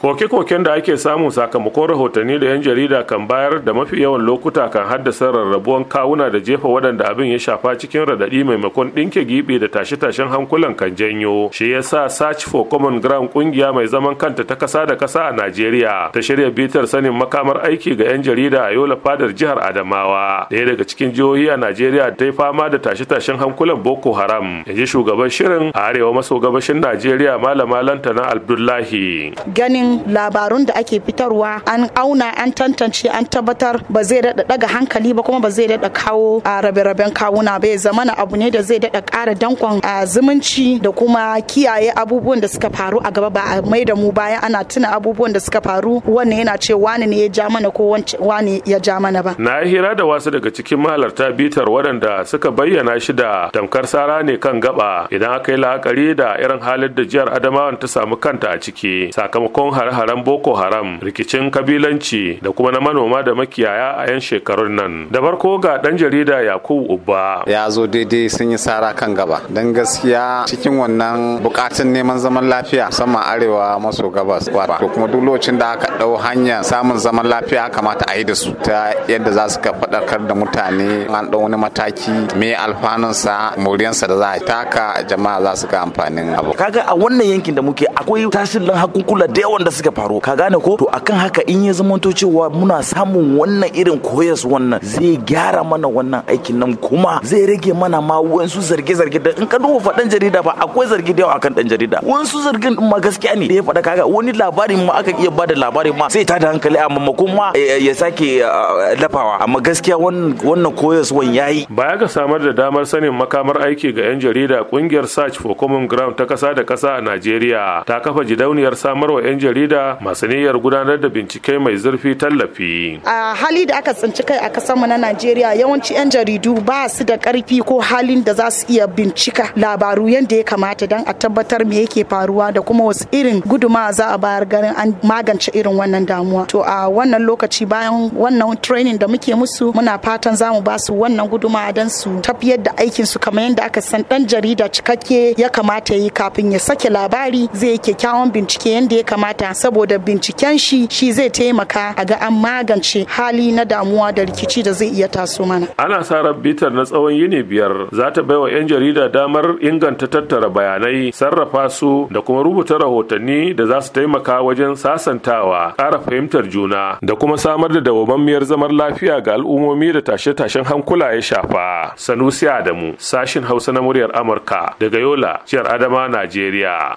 Koke-koken da ake samu sakamakon rahotanni da 'yan jarida kan bayar da mafi yawan lokuta kan haddasa rarrabuwan kawuna da jefa waɗanda abin ya shafa cikin radaɗi maimakon ɗinke giɓi da tashe-tashen hankulan kan janyo. Shi ya sa Search for Common Ground ƙungiya mai zaman kanta ta kasa da kasa a Najeriya ta shirya bitar sanin makamar aiki ga 'yan jarida a Yola Fadar jihar Adamawa. Ɗaya daga cikin jihohi a Najeriya ta yi fama da tashe-tashen hankulan Boko Haram. Ya ji shugaban shirin a arewa maso gabashin Najeriya Malama Lantana Abdullahi. Ganin labarun da ake fitarwa an auna an tantance an tabbatar ba zai daɗa daga hankali ba kuma ba zai daɗa kawo a rabe-raben kawuna ba ya na abu ne da zai daɗa ƙara dankon zumunci da kuma kiyaye abubuwan da suka faru a gaba ba a mai da mu bayan ana tuna abubuwan da suka faru wanne yana ce wani ne ya ja mana ko wani ya ja mana ba. Na hira da wasu daga cikin mahalarta bitar waɗanda suka bayyana shi da tamkar sara ne kan gaba idan aka yi la'akari da irin halin da jihar Adamawan ta samu kanta a ciki sakamakon hare-haren boko haram rikicin kabilanci da kuma na manoma da makiyaya a 'yan shekarun nan da farko ga dan jarida yakubu uba. ya zo daidai sun yi sara kan gaba don gaskiya cikin wannan bukatun neman zaman lafiya musamman arewa maso gabas wato kuma duk lokacin da aka ɗau hanyar samun zaman lafiya kamata a yi da su ta yadda za su ka faɗakar da mutane an ɗau wani mataki me alfanunsa moriyansa da za a taka jama'a za su ga amfanin abu kaga a wannan yankin da muke akwai tasirin hakukula da yawan da suka faru ka gane ko to akan haka in ya zamanto cewa muna samun wannan irin koyas wannan zai gyara mana wannan aikin nan kuma zai rage mana ma wasu zarge-zarge da in ka duba faɗan jarida ba akwai zargi da yawa akan dan jarida wasu zargin ma gaskiya ne da ya faɗa kaga wani labarin ma aka iya bada labarin ma sai ta da hankali a maimakon ma ya sake lafawa amma gaskiya wannan koyas koyaswan yayi baya ga samar da damar sanin makamar aiki ga 'yan jarida kungiyar search for common ground ta kasa da kasa a najeriya ta kafa jidauniyar samarwa 'yan jarida jarida masu niyyar gudanar da bincike mai zurfi tallafi. A hali da aka tsinci kai a kasar mu na Najeriya yawanci 'yan jaridu ba su da ƙarfi ko halin da za su iya bincika labaru yadda ya kamata don a tabbatar me yake faruwa da kuma wasu irin guduma za a bayar ganin an magance irin wannan damuwa. To a wannan lokaci bayan wannan training da muke musu muna fatan za mu ba su wannan guduma don su tafiyar da aikin su kamar yadda aka san dan jarida cikakke ya kamata ya yi kafin ya sake labari zai yi kyakkyawan bincike yadda ya kamata saboda binciken shi shi zai taimaka a ga an magance hali na damuwa da rikici da zai iya taso mana ana sa rabitar na tsawon yini biyar za ta baiwa 'yan jarida damar inganta tattara bayanai sarrafa su da kuma rubuta rahotanni da za su taimaka wajen sasantawa ƙara fahimtar juna da kuma samar da dawamammiyar zamar lafiya ga al'ummomi da tashe-tashen hankula ya shafa sanusi adamu sashin hausa na muryar amurka daga yola jihar adama najeriya